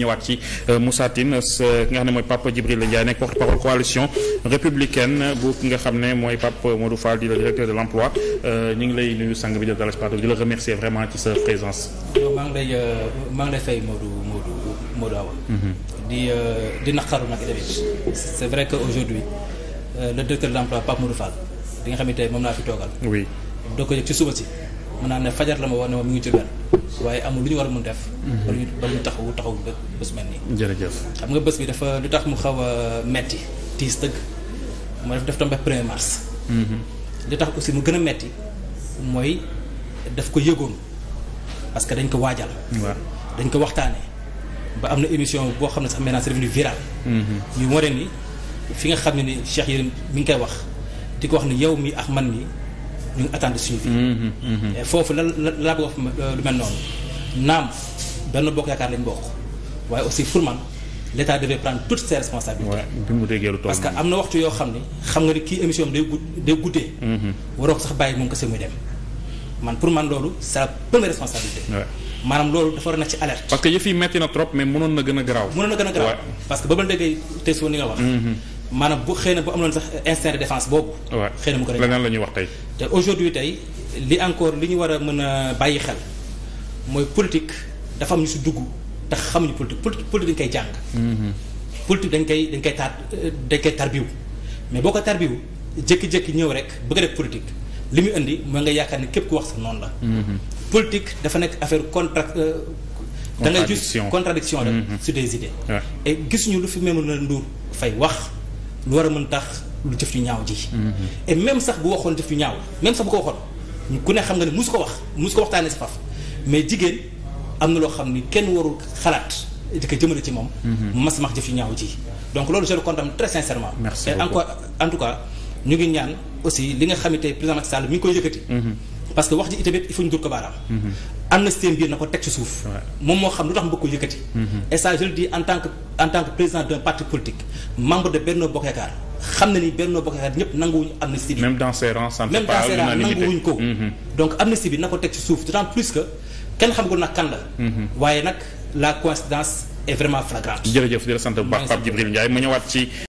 ñëwaat ci euh, Moussa euh, ki nga xam ne mooy Pape Djibril Ndiaye nekk porte-parole coalition républicaine bu ki nga xam ne mooy Pape Modou Fall di le directeur de l'emploi euh, di la sa présence. yow maa ngi lay maa ngi lay fay mhm. naqaru nag tamit c'est vrai que aujourd'hui le directeur de l'emploi Pape Modou Fall di nga xam moom laa fi toogal. oui doo ko yëg ci suba si. mën naa ne fajar la ma woo ne ma mi ngi Diourbel waaye amul lu ñu war a mun def. Mhm. ba ñu taxawu taxawu bë bés mel nii. jërëjëf xam nga bës bi dafa lu tax mu xaw a metti tiis dëgg mooy daf tombé premier mars. Mhm. li tax aussi mu gën a metti mooy daf ko yëgoon parce que dañ ko waajal. waaw dañ ko waxtaanee ba am na émission boo xam ne sax maintenant c'est devenu viral. Mhm. yu wane ni fi nga xam ne ni Cheikh Yérim mi ngi koy wax di ko wax ni yow mii ak man mi ñu ngi attendre mm-hmm, mm-hmm. foofu la la la bëgg wax euh, lu mel noonu naam benn bokk yaakaar lañ bokk waaye aussi pour man l' état devait prendre toutes ses responsabilités. parce que am na waxtu yoo xam ne xam nga ni kii émission bi day gudd guddee. Mm-hmm. waroo sax bàyyi moom kese muy dem man pour man loolu c' est la première responsabilité. maanaam loolu dafa war na ci alerte. parce que yëf yi metti na trop mais mënoon na gën a garaaw. mënoon na gën a garaaw parce que maanaam bu xëy na bu amuloon sax instinct de défense boobu. xëy na mu ko def leneen la ñuy wax tey. te aujourd'hui tey li encore li ñu war a mën a bàyyi xel mooy politique dafa am ñu si dugg te xamuñu politique politique dañ koy jàng. Mm-hmm. politique dañ koy dañ koy tar dañ koy tarbiw mais boo ko tarbiw jékki-jékki ñëw rek bëgg a def politique li muy indi mooy nga yaakaar ne képp ku wax sax noonu la. Mm-hmm. politique dafa nekk affaire contract euh, da ngay gis contradiction la mm-hmm. sur des idées. gisuñu lu fi Maimouna Ndour Faye wax. lu war a mën tax lu jëf yu ñaaw ji. Mm-hmm. et même sax bu waxoon jëf ju ñaaw même sax bu ko waxoon ku ne xam nga ne su ko wax musu ko waxtaanee si faf mais jigéen am na loo xam ni kenn warul xalaat di ko jëmale ci moom. Mm-hmm. mas max jëf ju ñaaw ji. donc loolu je le condamne très sincèrement. merci beaucoup et encore en tout cas ñu ngi ñaan aussi li nga xamante président Macky Sall mi ngi koy yëkkati. Mm-hmm. parce que wax ji itamit il faut ñu dur ko baaraam. amnistie biir na ko teg ci suuf. moom moo xam lu tax mu ko yëkkati. Mhm. et ça je le en tant que en tant que président d'un parti politique membre de Benno Bokk xam na ni Benno Bokk Yaakaar ñëpp nanguwuñ amnistie bi. même dans ses rangs ça ne fait pas l'unanimité donc amnistie bi na ko teg ci suuf d'autant plus que kenn xamagul nag kan la. Mhm. waaye nag la coïncidence est vraiment flagrante. jërëjëf di la sant bu